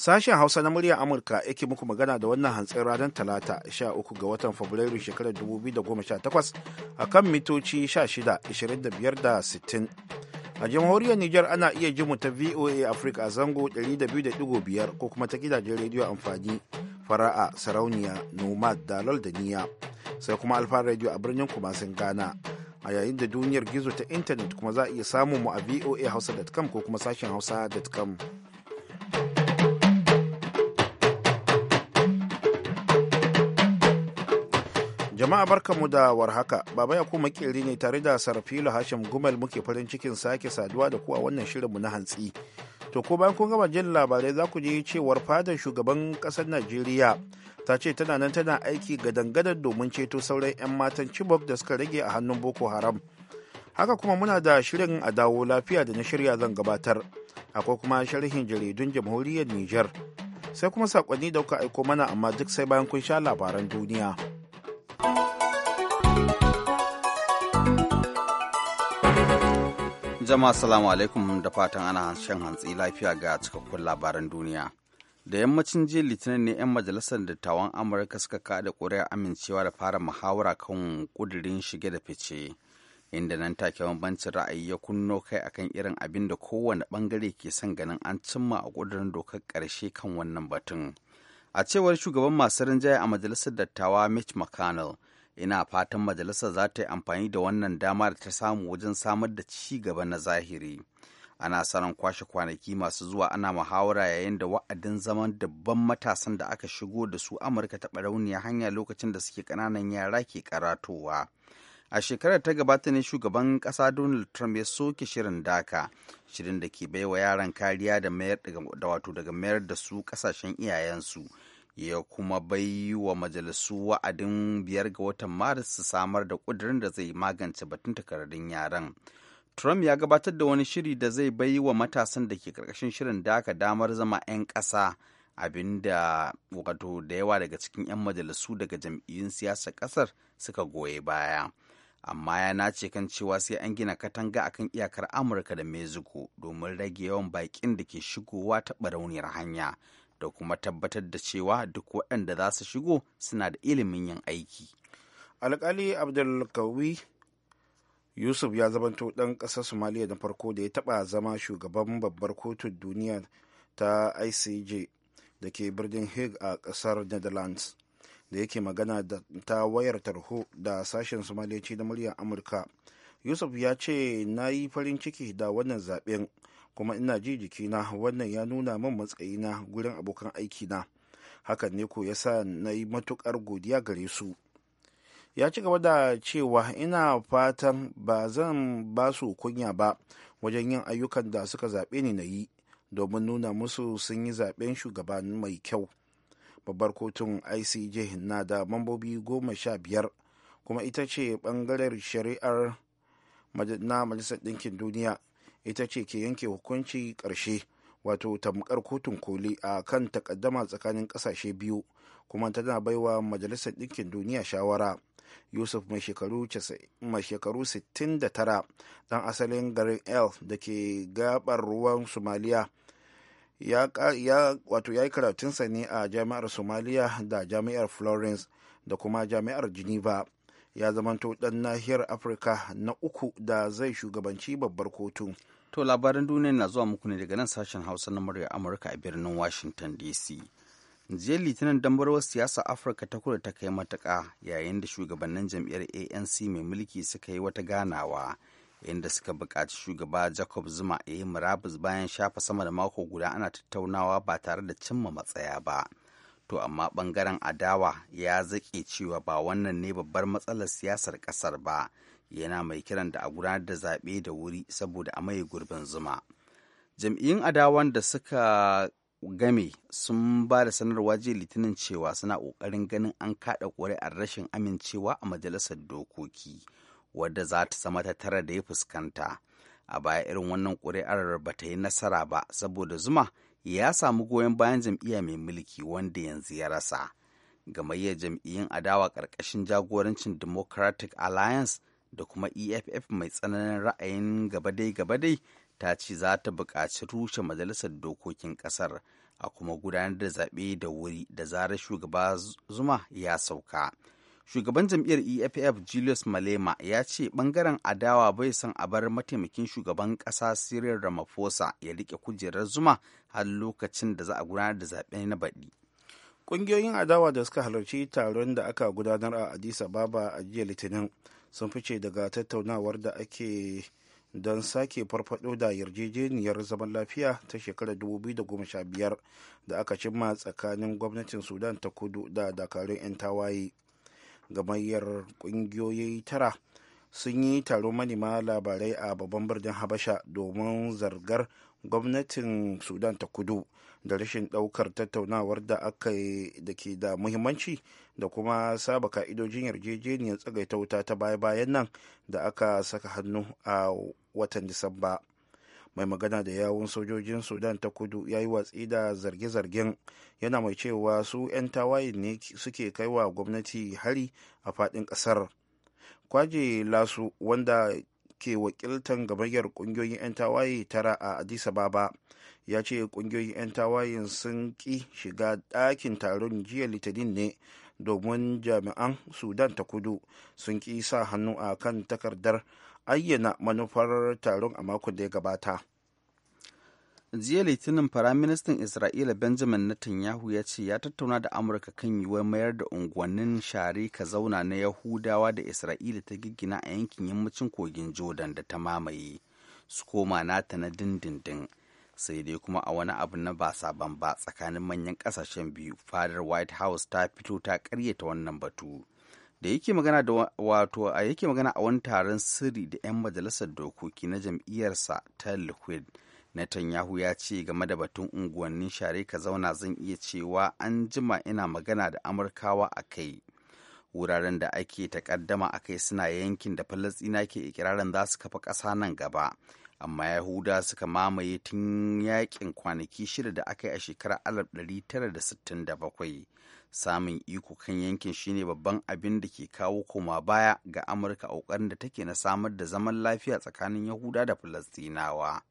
Sashen Hausa na muryar Amurka yake muku magana da wannan hantsin ranar Talata 13 ga watan Fabrairu shekarar 2018 a kan mitoci shida da sittin A jamhuriyar Nijar ana iya ji mu ta VOA Africa a zango 200.5 ko kuma ta gidajen rediyo amfani fara'a sarauniya nomad dalol da niya sai kuma alfa radio a birnin kumasin Ghana. a yayin da duniyar gizo ta intanet kuma za a iya samun mu a voa hausa.com ko kuma sashen hausa.com Jama'a mu da warhaka, Baba ya kuma makeri ne tare da Sarfilo Hashim Gumal muke farin cikin sake saduwa da ku a wannan shirinmu na hantsi. To ko bayan kun gama jin labarai za ku ji cewar fadar shugaban ƙasar Najeriya ta ce tana nan tana aiki ga dangadar domin ceto sauran 'yan matan Chibok da suka rage a hannun Boko Haram. Haka kuma muna da shirin a dawo lafiya da na shirya zan gabatar. Akwai kuma sharhin jaridun jamhuriyar Nijar. Sai kuma sakonni da kuka aiko mana amma duk sai bayan kun sha labaran duniya. Jama'a salamu alaikum da fatan ana shan hantsi lafiya ga cikakkun labaran duniya. Da yammacin jiya litinin ne 'yan majalisar dattawan Amurka suka kada ƙuri'ar amincewa da fara muhawara kan ƙudurin shige da fice. Inda nan take bambancin ra'ayi ya kunno kai akan irin abin da kowane bangare ke son ganin an cimma a ƙudurin dokar karshe kan wannan batun. A cewar shugaban masu rinjaye a majalisar dattawa Mitch McConnell, ina fatan majalisa za ta yi amfani da wannan dama da ta samu wajen samar da ci gaba na zahiri ana saran kwashe kwanaki masu zuwa ana muhawara yayin da wa'adin zaman dabban matasan da aka shigo da su amurka ta barauniya hanya lokacin da suke kananan yara ke karatowa a shekarar ta gabata ne shugaban kasa donald trump ya soke shirin daka shirin da ke baiwa yaran kariya da mayar wato daga mayar da su kasashen iyayensu ya kuma bai wa majalisu wa'adin biyar ga watan maris su samar da ƙudurin da zai magance batun takardun yaran trump ya gabatar da wani shiri da zai bai wa matasan da ke karkashin shirin daka damar zama 'yan ƙasa abinda wato da yawa daga cikin 'yan majalisu daga jam'iyyun siyasar ƙasar suka goye baya amma ya nace kan cewa sai an gina katanga akan iyakar amurka da mexico domin rage yawan baƙin da ke shigowa ta barauniyar hanya da kuma tabbatar da cewa duk waɗanda za su shigo suna da ilimin yin aiki. Alƙali Abdulkawi Yusuf ya zamanto ɗan ƙasar Somaliya na farko da ya taɓa zama shugaban babbar kotun duniya ta ICJ da ke birnin Hague a ƙasar Netherlands da yake magana da ta wayar tarho da sashen Somaliyaci na muryar Amurka. Yusuf ya ce na yi farin ciki da wannan zaɓen kuma ina ji jikina wannan ya nuna min matsayina gurin abokan aikina hakan ne ko ya sa na yi matukar godiya gare su ya ci gaba da cewa ina fatan ba zan ba su kunya ba wajen yin ayyukan da suka zaɓe ni na yi domin nuna musu sun yi zaɓen shugaban mai kyau babbar kotun icj na da mambobi goma sha biyar kuma ita ce ɓangaren shari'ar na majalisar ɗinkin duniya ita ce ke yanke hukunci ƙarshe wato tamkar kotun koli a kan takaddama tsakanin ƙasashe biyu kuma tana baiwa majalisar ɗinkin duniya shawara yusuf mai shekaru 69 ɗan asalin garin el da ke gabar ruwan somaliya ya, wato ya yi karatunsa ne a jami'ar somaliya da jami'ar florence da kuma jami'ar geneva ya zamanto ɗan nahiyar afirka na uku da zai shugabanci babbar kotu to labarin duniya na zuwa muku ne daga nan sashen hausa na murya amurka a birnin washington dc jiya litinin dambarwar siyasa afirka ta kudu ta kai matuka yayin da shugabannin jam'iyyar anc mai mulki suka yi wata ganawa inda suka buƙaci shugaba jacob zuma a yi murabus bayan shafa sama da mako guda ana tattaunawa ba tare da cimma matsaya ba to amma ɓangaren adawa ya zaƙe cewa ba wannan ne babbar matsalar siyasar ƙasar ba yana mai kiran da a gudanar da zaɓe da wuri saboda a maye gurbin zuma jam'iyyun adawan da suka game sun ba da sanarwa jiya litinin cewa suna ƙoƙarin ganin an kaɗa ƙuri'ar rashin amincewa a majalisar dokoki wadda za ta zama ta tara da ya fuskanta a baya irin wannan ƙuri'ar ba ta yi nasara ba saboda zuma ya samu goyon bayan jam'iyya mai mulki wanda yanzu ya rasa gamayyar jam'iyyun adawa ƙarƙashin jagorancin democratic alliance da kuma eff mai tsananin ra'ayin gabadai-gabadai ta ce za ta buƙaci rushe majalisar dokokin ƙasar a kuma gudanar da zaɓe da wuri da zarar shugaba zuma ya sauka. shugaban jam'iyyar eff julius malema ya ce bangaren adawa bai san a bar mataimakin shugaban kasa cyril ramaphosa ya rike kujerar zuma har lokacin da za a gudanar da zaɓe na baɗi ƙungiyoyin adawa da suka halarci taron da aka gudanar a addis ababa a jiya litinin sun fice daga tattaunawar da ake don sake farfaɗo da yarjejeniyar zaman lafiya ta shekarar 2015 da aka cimma tsakanin gwamnatin sudan ta kudu da dakarun 'yan tawaye gamayyar ƙungiyoyi tara sun yi taron manema labarai a babban birnin habasha domin zargar gwamnatin sudan ta kudu da rashin ɗaukar tattaunawar da aka da ke da muhimmanci da kuma saba ka'idojin yarjejeniyar tsagaita wuta ta baya-bayan nan da aka saka hannu a watan disamba mai magana da yawun sojojin sudan ta kudu ya yi watsi da zarge-zargen yana mai cewa su 'yan tawaye ne suke kaiwa gwamnati hari a fadin kasar kwaje lasu wanda ke wakiltan gamayyar kungiyoyin 'yan tawaye tara a addis ababa ya ce kungiyoyin 'yan tawayen sun ki shiga ɗakin taron jiya litinin ne domin jami'an sudan ta kudu sun ƙi sa hannu a kan takardar ayyana manufar taron a makon da ya gabata jiya litinin firaministan isra'ila benjamin netanyahu ya ce ya tattauna da amurka kan yiwuwar mayar da unguwannin shari ka zauna na yahudawa da isra'ila ta giggina a yankin yammacin kogin jordan da ta mamaye su koma nata na dindindin sai dai kuma a wani abu na ba sabon ba tsakanin manyan kasashen biyu fadar white house ta fito ta karyata wannan batu da yake magana da wato a yake magana a wani taron sirri da 'yan majalisar dokoki na jam'iyyarsa ta liquid Netanyahu ya ce game da batun unguwannin share ka zauna zan iya cewa an jima ina magana da amurkawa a kai wuraren da ake takaddama a kai suna yankin da falastina ke ikirarin za su kafa ƙasa nan gaba amma yahuda suka mamaye tun yakin kwanaki shida da aka yi a shekarar 1967 samun iko kan yankin shine babban abin da ke kawo koma baya ga amurka a ƙoƙarin da take na samar da zaman lafiya tsakanin yahuda da falastinawa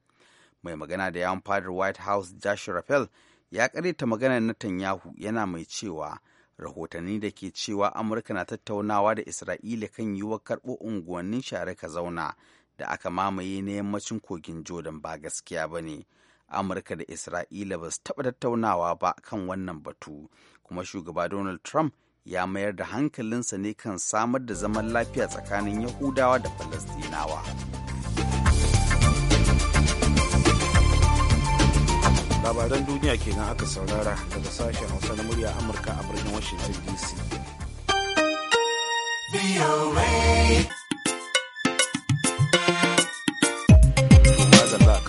mai magana da yawon fadar white house josh rafael ya magana maganar netanyahu yana mai cewa rahotanni da ke cewa amurka na tattaunawa da isra'ila kan yiwuwar karɓo unguwannin share ka zauna da aka mamaye na yammacin kogin jordan ba gaskiya ba ne amurka da isra'ila ba su taɓa tattaunawa ba kan wannan batu kuma shugaba donald trump ya mayar da hankalinsa ne kan samar da zaman lafiya tsakanin yahudawa da falastinawa labaran duniya kenan aka saurara daga sashen hausa na murya amurka a birnin washington dc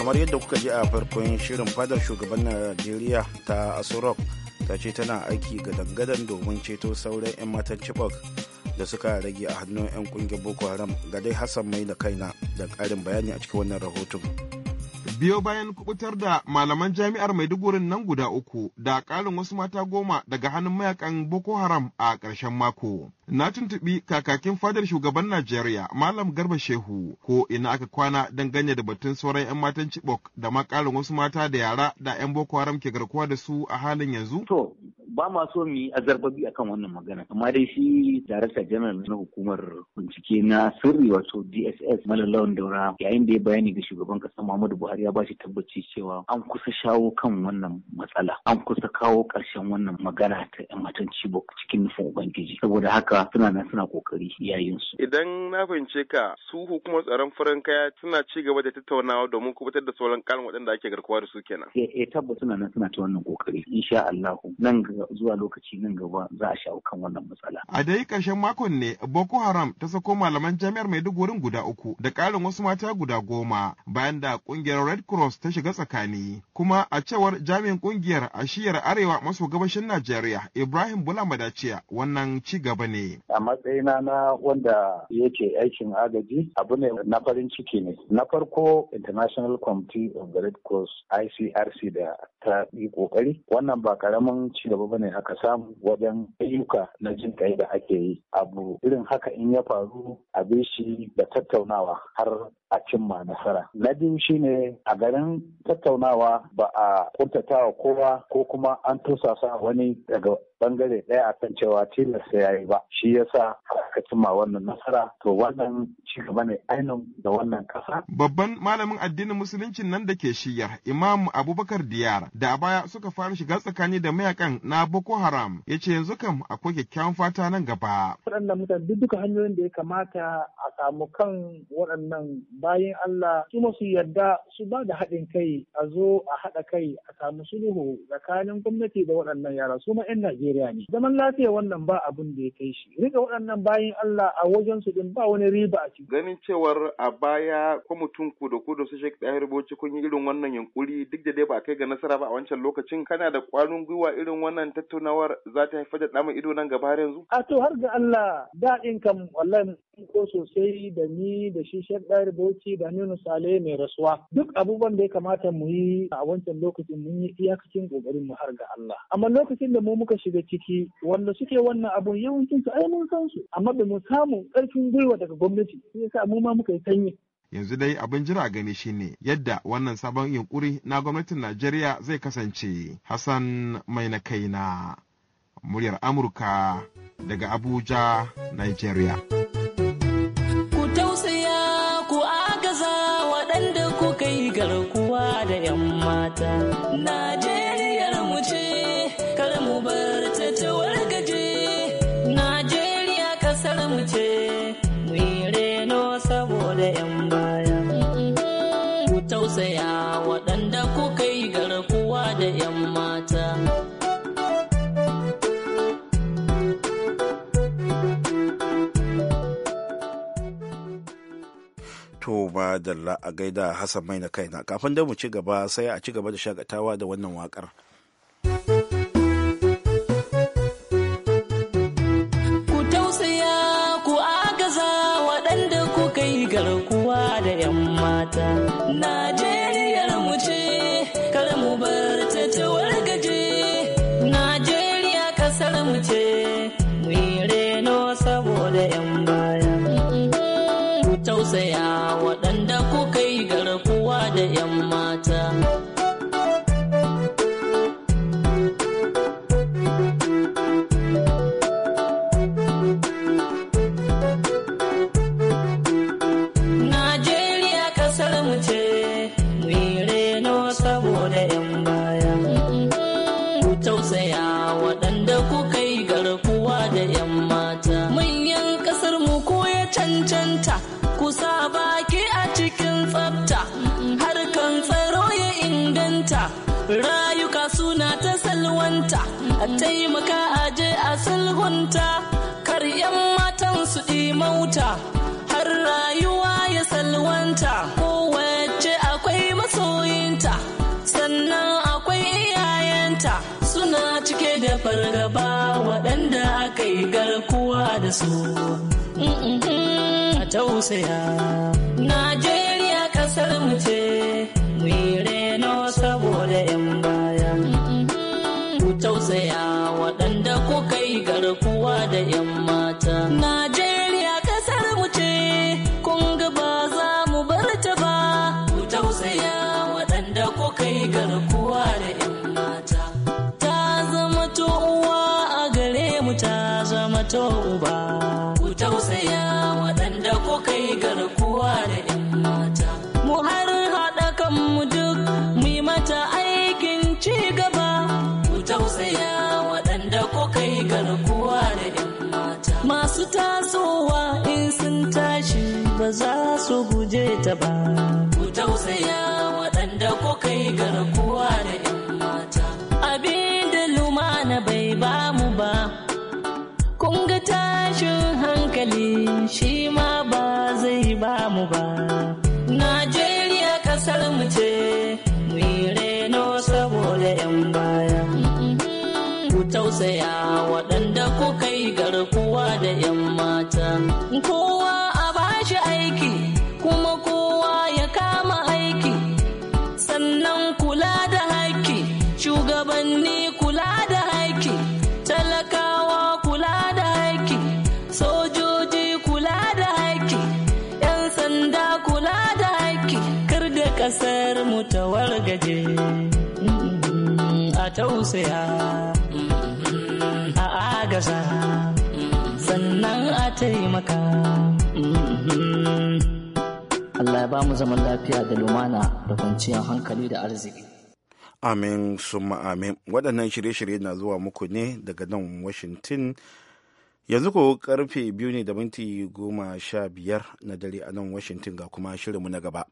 kamar yadda kuka ji a farkon shirin fadar shugaban najeriya ta asurok ta ce tana aiki ga dangadan domin ceto sauran 'yan matan chibok da suka rage a hannun 'yan kungiyar boko haram ga dai hassan mai da kaina da karin bayani a cikin wannan rahoton biyo bayan kubutar da malaman jami'ar maidugurin nan guda uku da ƙarin wasu mata goma daga hannun mayakan boko haram a ƙarshen mako na tuntuɓi kakakin fadar shugaban Najeriya Malam Garba Shehu ko ina aka kwana don ganye da batun sauran 'yan matan Chibok da makarin wasu mata da yara da 'yan Boko Haram ke garkuwa da su a halin yanzu? To, ba ma so mu yi azarbabi akan wannan magana. Amma dai shi Darakta Janar na hukumar bincike na sirri wato DSS Malalawan Daura yayin da ya bayani ga shugaban ƙasa Muhammadu Buhari ya ba shi tabbaci cewa an kusa shawo kan wannan matsala. An kusa kawo ƙarshen wannan magana ta 'yan matan Chibok cikin nufin Ubangiji. Saboda haka yara suna nan suna kokari su. Idan na fahimce ka su hukumar tsaron farin kaya suna ci gaba da tattaunawa domin kubutar da sauran kalin waɗanda ake garkuwa da su kenan. Eh, eh tabbas suna nan suna ta wannan kokari insha Allah nan zuwa lokaci nan gaba za a shawo kan wannan matsala. A dai ƙarshen makon ne Boko Haram ta sako malaman jami'ar Maiduguri guda uku da ƙarin wasu mata guda goma bayan da ƙungiyar Red Cross ta shiga tsakani kuma a cewar jami'in ƙungiyar a shiyar arewa maso gabashin Najeriya Ibrahim Bula wannan ci gaba ne. A matsayina na wanda yake aikin agaji abu ne na farin ciki ne. Na farko International Committee of the Red Cross ICRC da ta yi kokari wannan ba karamin ci gaba bane aka samu wajen ayyuka na jin kai da ake yi abu irin haka in ya faru a shi da tattaunawa har a cimma nasara. Na biyu shine a garin tattaunawa ba a kuntatawa kowa ko kuma an tosasa wani daga bangare ɗaya a kan cewa tilasta ya yi ba shi yasa aka cimma wannan nasara to wannan ci gaba ne ainihin da wannan ƙasa. Babban malamin addinin musuluncin nan da ke shiyar Imam Abubakar Diyar da a baya suka fara shiga tsakani da mayakan na Boko Haram ya ce yanzu kam akwai kyakkyawan fata nan gaba. Waɗannan mutane duk duka hanyoyin da ya kamata a samu kan waɗannan bayan Allah su su yarda su ba da haɗin kai a zo a haɗa kai a samu sulhu tsakanin gwamnati da waɗannan yara su ma 'yan Najeriya. Najeriya ne. Zaman lafiya wannan ba abin da ya kai shi. Rika waɗannan bayan Allah a wajen su din ba wani riba a ciki. Ganin cewar a baya kwamitin ku da ku da su Sheikh Tahir Bauchi kun yi irin wannan yunkuri duk da dai ba a kai ga nasara ba a wancan lokacin kana da kwarin gwiwa irin wannan tattaunawar za ta haifar da ɗama ido nan gaba har yanzu. A to har ga Allah daɗin kam wallahi ko sosai da ni da shi Sheikh Dair Bauchi da nuna Sale mai rasuwa. Duk abubuwan da ya kamata mu yi a wancan lokacin mun yi iyakacin kokarin mu har ga Allah. Amma lokacin da mu muka shiga ciki wanda suke wannan abun yawancin su ai mun san su amma ba mu samu karfin gwiwa daga gwamnati sai sa mu ma muka yi sanyi. yanzu dai abin jira gani shine yadda wannan sabon yunkuri na gwamnatin Najeriya zai kasance. Hassan mai na kaina, muryar Amurka daga Abuja, Najeriya. night. madalla a gaida hassan mai na kaina kafin da mu ci gaba sai a ci gaba da shakatawa da wannan wakar. ku tausaya ku agaza waɗanda ku yi garkuwa da 'yan mata najeriyar mu ce kar mu bar ta ta wargaje najeriya kasar mu ce mu yi reno saboda 'yan baya ku tausaya hunta kar 'yan matan su mauta har rayuwa ya salwanta kowace akwai masoyinta sannan akwai iyayenta suna cike da fargaba waɗanda aka yi garkuwa da su a tausaya najeriya ƙasar mu ce tasowa in sun tashi ba za su guje ta ba. Ku tausaya waɗanda ko kai garkuwa da 'yan mata. Abin da lumana bai ba mu ba, kun ga tashin hankali shi ma ba zai ba mu ba. Najeriya ƙasar mu ce, mu yi reno saboda 'yan baya. Mm-hmm. Ku tausaya waɗanda garkuwa da 'yan mata. Kowa a ba shi aiki kuma kowa ya kama aiki sannan kula da haƙƙi shugabanni kula da haƙƙi talakawa kula da haƙƙi sojoji kula da haƙƙi 'yan sanda kula da haƙƙi kar da ƙasar mu ta wargaje a tausaya. gaza sannan a taimaka Allah ya ba mu zaman lafiya da lumana da kwanciyar hankali da arziki amin summa amin waɗannan shirye-shirye na zuwa muku ne daga nan washington yanzu ko karfe biyu ne da minti goma sha biyar na dare a nan washington ga kuma shirinmu na gaba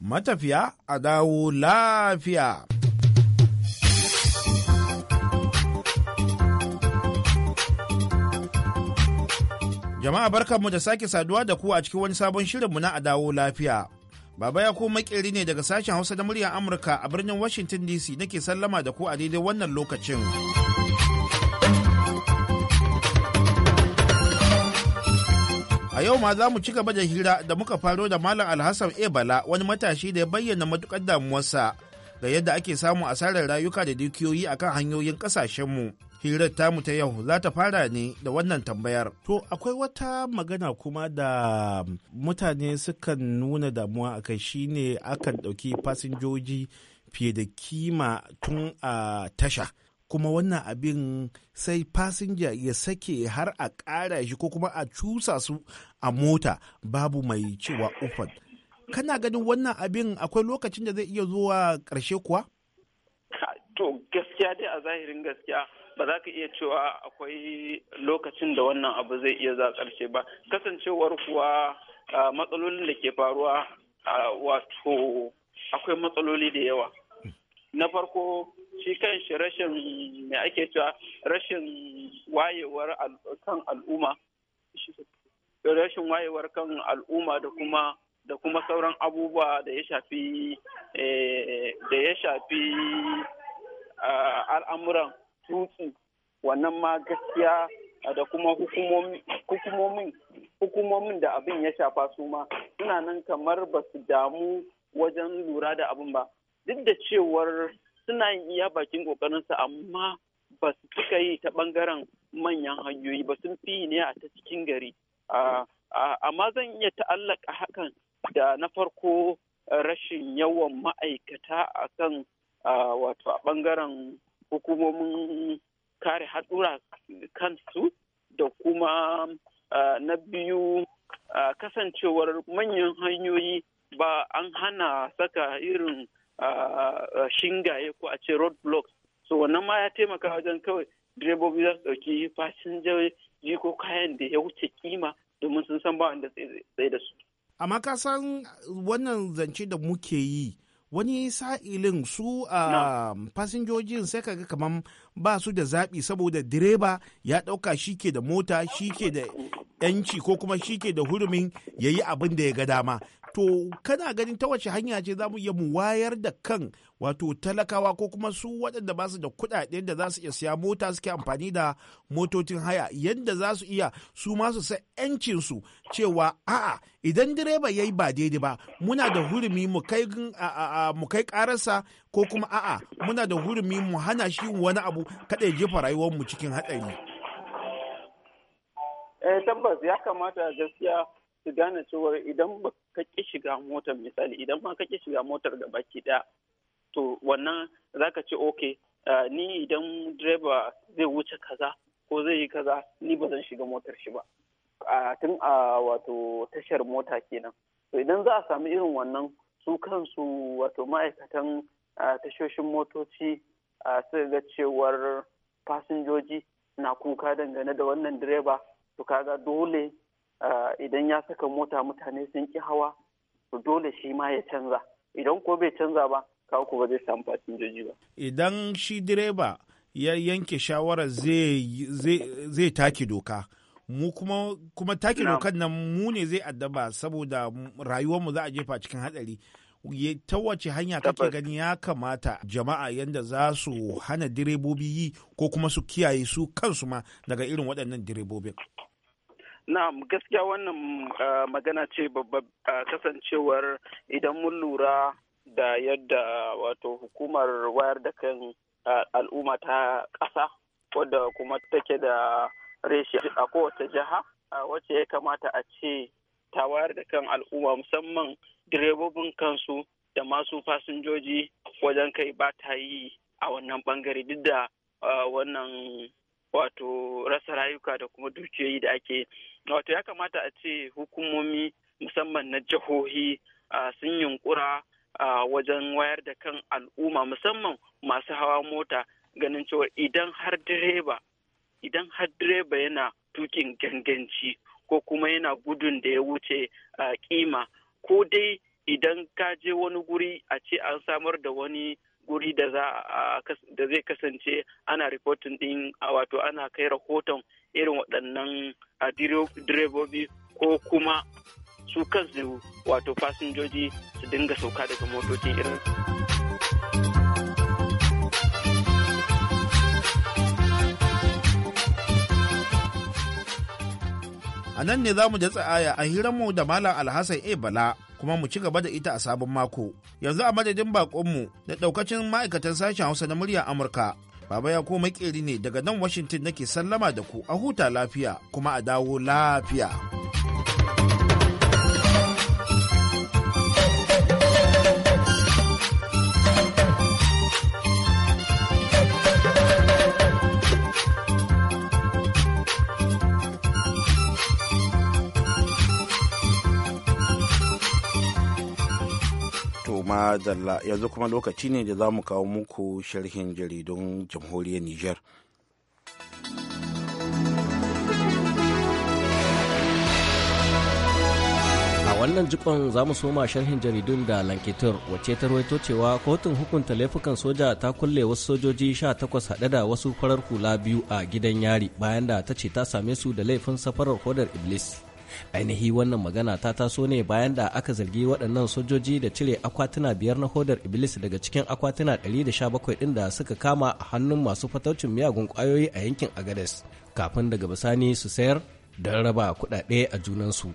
matafiya a dawo lafiya Jama'a barkanmu da sake saduwa da ku a cikin wani sabon shirinmu na Adawo Lafiya. Baba ya ku makeri ne daga sashen Hausa da muryar Amurka a birnin Washington DC nake sallama da ku a daidai wannan lokacin. A yau ma za mu ci gaba da hira da muka faro da Malam Alhassan Ebala wani matashi da ya bayyana matukar damuwarsa ga yadda ake samun asarar rayuka da dukiyoyi akan hanyoyin kasashenmu. mu. hirar tamu ta yau za ta fara ne da wannan tambayar. To akwai wata magana kuma da mutane sukan nuna damuwa a kai ne akan ɗauki fasinjoji fiye da kima tun a tasha. Kuma wannan abin sai fasinja ya sake har a ƙara shi ko kuma a cusa su a mota babu mai cewa ufan. Kana ganin wannan abin akwai lokacin da zai iya zuwa ƙarshe kuwa? To gaskiya dai a zahirin gaskiya ba za ka iya cewa akwai lokacin da wannan abu zai iya za ƙarshe ba kasancewar kuwa matsalolin da ke faruwa wato akwai matsaloli da yawa na farko shi kan shi rashin mai ake cewa rashin wayewar kan al'umma rashin wayewar kan al'umma da kuma da kuma sauran abubuwa da ya shafi eh, al'amuran sun wannan ma gaskiya da kuma hukumomin hukumomin da abin ya shafa su ma suna nan kamar ba su damu wajen lura da abin ba duk da cewar suna yin iya bakin kokarinsu amma ba su cika yi ta bangaren manyan hanyoyi ba sun fi ne a ta cikin gari amma zan iya ta'allaka hakan da na farko eh, rashin yawan ma'aikata a kan wato a bangaren hukumomin kare haɗura kansu da kuma na biyu kasancewar manyan hanyoyi ba an hana saka irin shingaye ko a ce road blocks so wannan ma ya taimaka wajen kawai direbobi za su ɗauki fasinjoji ko kayan da ya wuce kima domin sun san ba wanda tsaye da su amma ka san wannan zance da muke yi wani sa'ilin su ah, a fasinjojin sai kaga kamar ba su da zaɓi saboda direba ya ɗauka shi ke da mota shi ke da yanci ko kuma shi ke da hurumin ya yi abin da ya ga dama to kana ganin ta wace hanya ce za mu iya mu wayar da kan wato talakawa ko kuma su waɗanda ba su da kuɗaɗe da za su iya siya mota suke amfani da motocin haya yadda za su iya su ma su yancinsu cewa a'a idan direba ya yi ba daidai ba muna da hurumi mu kai ƙararsa ko kuma a'a muna da hurumi mu hana shi wani abu kada ya jefa rayuwarmu cikin haɗari. Eh tabbas ya kamata gaskiya su gane cewa idan ba ka ƙi shiga motar misali idan ma ka ƙi shiga motar da baki ɗaya to wannan za ka ce ok ni idan direba zai wuce kaza ko zai yi kaza ni ba zan shiga motar shi ba a tun a wato tashar mota kenan to idan za a samu irin wannan su kansu wato ma'aikatan tashoshin motoci suka ga cewar fasinjoji na kuka dangane da wannan direba to kaga dole Eh, idan ya saka mota mutane sun ki hawa to dole shi ma ya canza idan ko bai canza ba kawo ko ba zai samu fasinjoji ba idan shi direba ya yanke shawarar zai take doka mu kuma kuma take dokan nan mu ne zai addaba saboda rayuwar mu za a jefa cikin hatsari ta wace hanya kake gani ya kamata jama'a yadda za su hana direbobi yi ko kuma su kiyaye su kansu ma daga irin waɗannan direbobin Na'am gaskiya wannan magana ce babbar kasancewar idan mun lura da yadda wato hukumar wayar da kan al'umma ta ƙasa wadda kuma take da reshe a kowace jiha wacce ya kamata a ce ta wayar da kan al'umma musamman direbobin kansu da masu fasinjoji wajen kai ba ta yi a wannan bangare duk da wannan wato rasa rayuka da kuma dukiyoyi da ake wato ya kamata a ce hukumomi musamman na jihohi sun yunkura wajen wayar da kan al'umma musamman masu hawa mota ganin cewa idan har direba idan har direba yana tukin ganganci ko kuma yana gudun da ya wuce kima ko dai idan ka je wani guri a ce an samar da wani guri da zai kasance ana reporting din wato ana kai rahoton irin waɗannan direbobi ko kuma su kansu wato fasinjoji su dinga sauka daga motocin irin. A nan ne za mu jatsa aya a hiranmu da Malam Alhassan e Bala kuma mu ci gaba da ita a sabon mako. Yanzu a madadin bakonmu da ɗaukacin ma'aikatan sashen Hausa na murya Amurka Baba ya ko makeri ne daga nan Washington nake sallama da ku a huta lafiya kuma a dawo lafiya. madalla yanzu kuma lokaci ne da za mu kawo muku sharhin jaridun jamhuriyar Nijar. A wannan jikon za mu soma sharhin jaridun da lankitur wacce ta rawaito cewa kotun hukunta laifukan soja ta kulle wasu sojoji 18 haɗe da wasu farar kula biyu a gidan yari bayan da ta ce ta same su da laifin safarar hodar Iblis. ainihi wannan magana ta taso ne bayan da aka zargi waɗannan sojoji da cire akwatuna biyar na hodar iblis daga cikin akwatuna 117 ɗin da suka kama a hannun masu fataucin miyagun ƙwayoyi a yankin agades kafin daga bisani su sayar don raba kuɗaɗe a junansu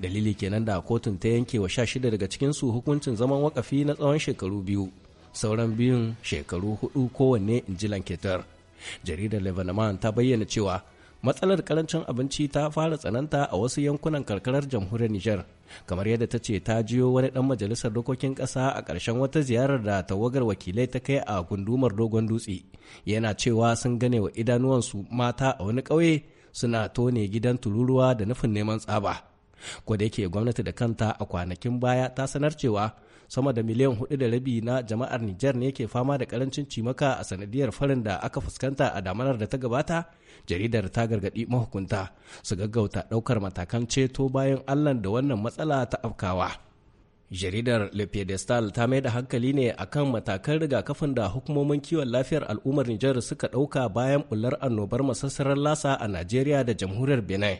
dalili kenan da kotun ta yanke wa sha shida daga su hukuncin zaman wakafi na tsawon shekaru biyu sauran biyun shekaru hudu kowanne in ji jaridar lebanon ta bayyana cewa matsalar karancin abinci ta fara tsananta a wasu yankunan karkarar jamhuriyar Nijar kamar yadda ta ce ta jiyo wani dan majalisar dokokin ƙasa a ƙarshen wata ziyarar da tawagar wakilai ta kai a gundumar dogon dutse yana cewa sun gane wa idanuwansu mata a wani ƙauye suna tone gidan tururuwa da nufin neman tsaba ko da yake gwamnati da kanta a kwanakin baya ta sanar cewa sama da miliyan hudu da rabi na jama'ar Nijar ne ke fama da karancin cimaka a sanadiyar farin da aka fuskanta a damanar da ta gabata, jaridar ta gargaɗi mahukunta su gaggauta ɗaukar matakan ceto bayan allan da wannan matsala ta afkawa. jaridar le pedestal ta mai da hankali ne akan matakan rigakafin da hukumomin kiwon lafiyar al'ummar nijar suka ɗauka bayan bular annobar masassarar lasa a najeriya da jamhuriyar benin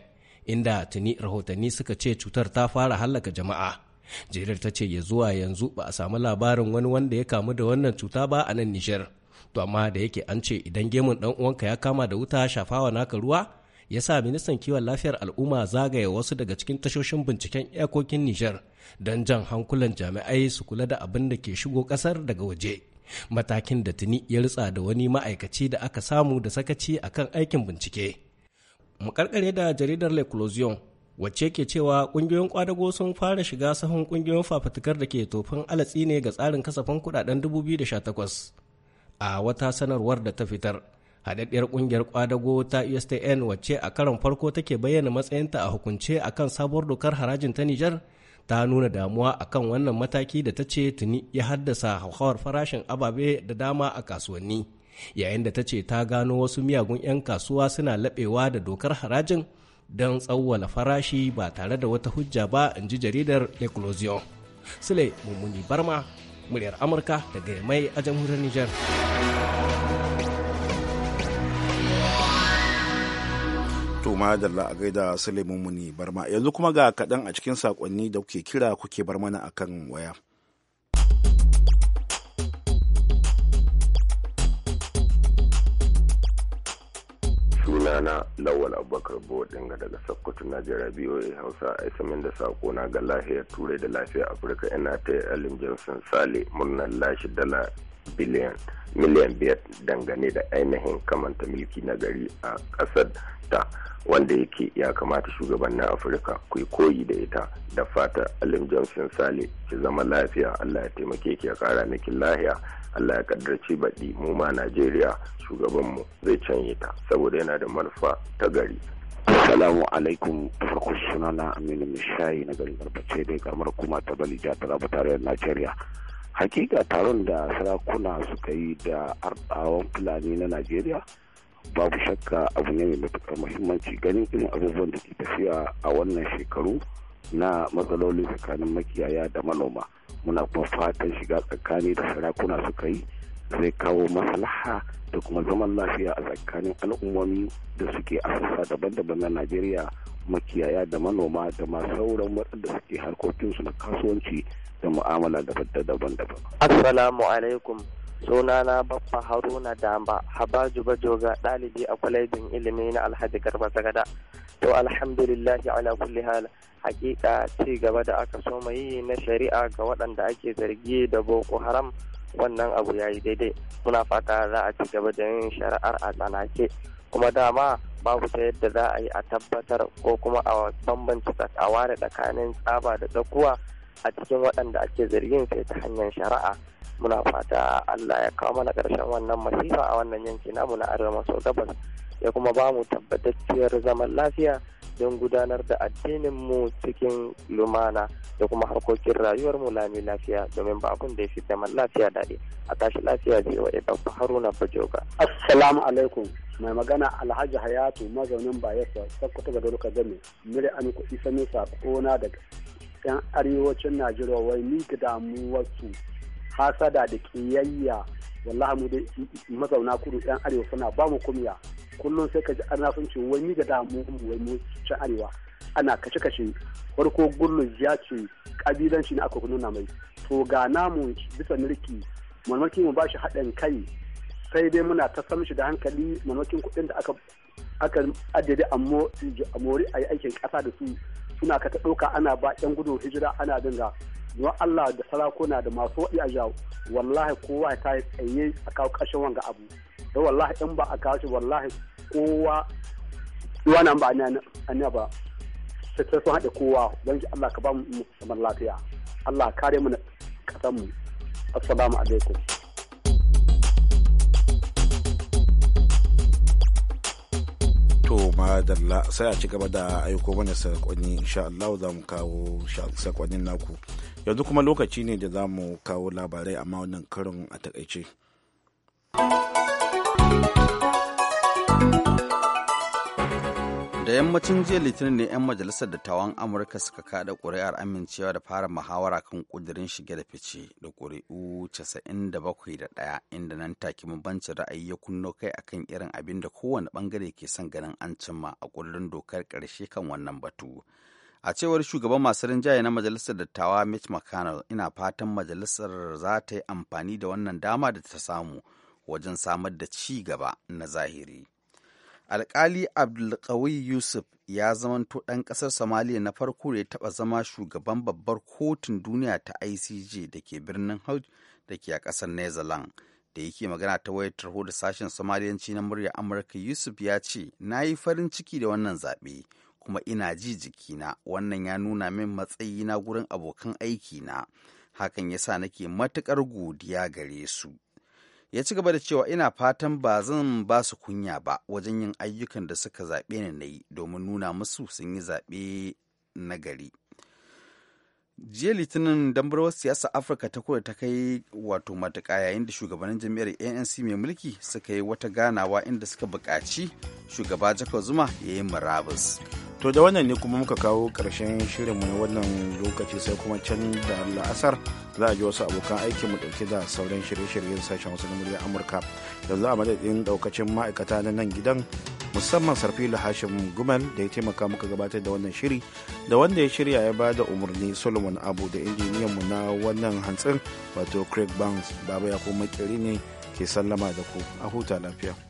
inda tuni rahotanni suka ce cutar ta fara hallaka jama'a jerar ta ce ya zuwa yanzu ba a samu labarin wani wanda ya kamu da wannan cuta ba a nan nijar to amma da yake an ce idan gemun dan uwanka ya kama da wuta shafawa naka ruwa ya sa ministan kiwon lafiyar al'umma zagaya wasu daga cikin tashoshin binciken iyakokin nijar don jan hankulan jami'ai su kula da abin da ke shigo kasar daga waje matakin da tuni ya ritsa da wani ma'aikaci da aka samu da sakaci akan aikin bincike mu karkare da jaridar Closion, wacce ke cewa kungiyoyin kwadago sun fara shiga sahun kungiyoyin fafatukar da ke tofin alatsi ne ga tsarin kasafin kudaden 2018 a wata sanarwar da ta fitar haɗaɗɗiyar ƙungiyar kwadago ta ustn e wacce a karon farko take bayyana matsayinta a hukunce akan sabuwar dokar harajin ta nijar ta nuna damuwa akan wannan mataki da ta ce tuni ya haddasa hauhawar farashin ababe da dama a kasuwanni yayin da ta ce ta gano wasu miyagun 'yan kasuwa suna laɓewa da dokar harajin don tsawwala farashi ba tare da wata hujja ba in ji jaridar eclosion sule mummuni barma muryar amurka daga mai a jamhuriyar niger to madalla a gaida sule mummuni barma yanzu kuma ga kaɗan a cikin saƙonni da kuke kira kuke bar mana akan waya sunana lawal abubakar ga daga sokoto najeriya boa hausa a isamin da sako na ga lafiyar turai da lafiyar afirka yana ta alin johnson sale murnar lashe dala miliyan biyar dangane da ainihin kamanta milki na gari a kasar ta wanda yake ya kamata shugabannin afirka ku koyi da ita da fata alin johnson sale ki zama lafiya allah ya taimake ki ya kara miki lahiya allah ya kaddarci baɗi mu ma najeriya shugabanmu zai canye ta saboda yana da manufa ta gari Assalamu alaikum farko suna na Aminu Mishayi na garin Garbace da kamar kuma ta Balija ta rabu tarayyar Najeriya. Hakika taron da sarakuna suka yi da arɗawan Fulani na Najeriya babu shakka abu ne mai matuƙar muhimmanci ganin irin abubuwan da ke tafiya a wannan shekaru na matsaloli tsakanin makiyaya da manoma. Muna kuma fatan shiga tsakani da sarakuna suka yi zai kawo maslaha da kuma zaman lafiya a tsakanin al'ummomi da suke a sassa daban-daban na najeriya makiyaya da manoma da masu sauran waɗanda suke harkokinsu na kasuwanci da mu'amala daban-daban. assalamu alaikum sunana babba haruna damba habaju bajoga ɗalibi a kwalejin ilimi na alhaji garba sagada to alhamdulillah ala kulli hal hakika ci gaba da aka soma yi na shari'a ga waɗanda ake zargi da boko haram wannan abu ya yi daidai muna fata za a ci gaba da yin shari'ar a tsanake kuma dama babu ta yadda za a yi a tabbatar ko kuma a bambanci a ware tsakanin tsaba da tsakuwa a cikin waɗanda ake zargin sai ta hanyar shari'a muna fata allah ya kawo mana ƙarshen wannan masifa a wannan yanki namu na arewa maso gabas ya kuma ba mu tabbatacciyar zaman lafiya don gudanar da addininmu cikin lumana da kuma harkokin rayuwar mu lami lafiya domin ba abun da ya fi zaman lafiya daɗi a tashi lafiya zai wa ɗauka haruna bajoga. assalamu alaikum mai magana alhaji hayatu mazaunin bayelsa sakkwata ga dole kazami mire an kuɗi sanin sakona daga yan arewacin najeriya wai ni ga damuwarsu hasada da ƙiyayya wallahi mu dai mazauna kudu yan arewa suna ba mu kumya kullum sai ka ji ana sun ce wani da damu wai mu ci arewa ana kace kace farko gullu ya ce kabilanci ne aka nuna mai to ga namu bisa mulki mamakin mu bashi haɗin kai sai dai muna ta samshi da hankali mamakin kuɗin da aka aka a mori a yi aikin ƙasa da su suna ka ta ɗauka ana ba 'yan gudu hijira ana dinga don Allah da sarakuna da masu waɗi a jawo wallahi kowa ta yi tsaye a kawo ƙarshen wanga abu sai wallahi in ba a kawo shi wallahi kowa kowa nan ba anya ba sai sun haɗe kowa don Allah ka ba mu zaman lafiya Allah kare mu na ƙasar mu assalamu alaikum to madalla sai a ci gaba da aiko mana sakonni insha Allah za mu kawo sakonnin naku yanzu kuma lokaci ne da za mu kawo labarai amma wannan karin a takaice. da yammacin jiya litinin ne 'yan majalisar dattawan amurka suka kada kuri'ar amincewa da fara muhawara kan kudirin shige da fice da ƙuri'u 97.1 inda nan taki mabancin ra'ayi ya kunno kai akan irin abin da kowane bangare ke son ganin an cimma a kudirin dokar karshe kan wannan batu a cewar shugaban masu rinjaye na majalisar dattawa mitch mcconnell ina fatan majalisar za ta yi amfani da wannan dama da ta samu wajen samar da ci gaba na zahiri. alkali abdulkawi yusuf ya zamanto ɗan ƙasar somaliya na farko da ya taɓa zama shugaban babbar kotun duniya ta icj da ke birnin haut da ke a ƙasar netherland da yake magana ta wayar tarho da sashen somaliyanci na murya amurka yusuf ya ce na yi farin ciki da wannan zaɓe kuma ina ji jikina wannan ya nuna min matsayi na gurin abokan aiki na hakan yasa nake matuƙar godiya gare su ya ci gaba da cewa ina fatan ba zan ba su kunya ba wajen yin ayyukan da suka zaɓe ni na yi domin nuna musu sun yi zaɓe na gari jiya litinin dambarwar siyasa afirka ta kudu ta kai wato matuƙa yayin da shugabannin jami'ar anc mai mulki suka yi wata ganawa inda suka buƙaci shugaba jacob zuma ya yi murabus to da wannan ne kuma muka kawo ƙarshen shirinmu na wannan lokaci sai kuma can da la'asar za a ji wasu abokan mu dauke da sauran shirye-shiryen sashen wasu na amurka yanzu a madadin ɗaukacin ma'aikata na nan gidan musamman sarfilu hashim gumel da ya taimaka muka gabatar da wannan shiri da wanda ya shirya ya bada umarni solomon abu da injiniyan mu na wannan hantsin wato craig banks baba ya kuma ne ke sallama da ku a huta lafiya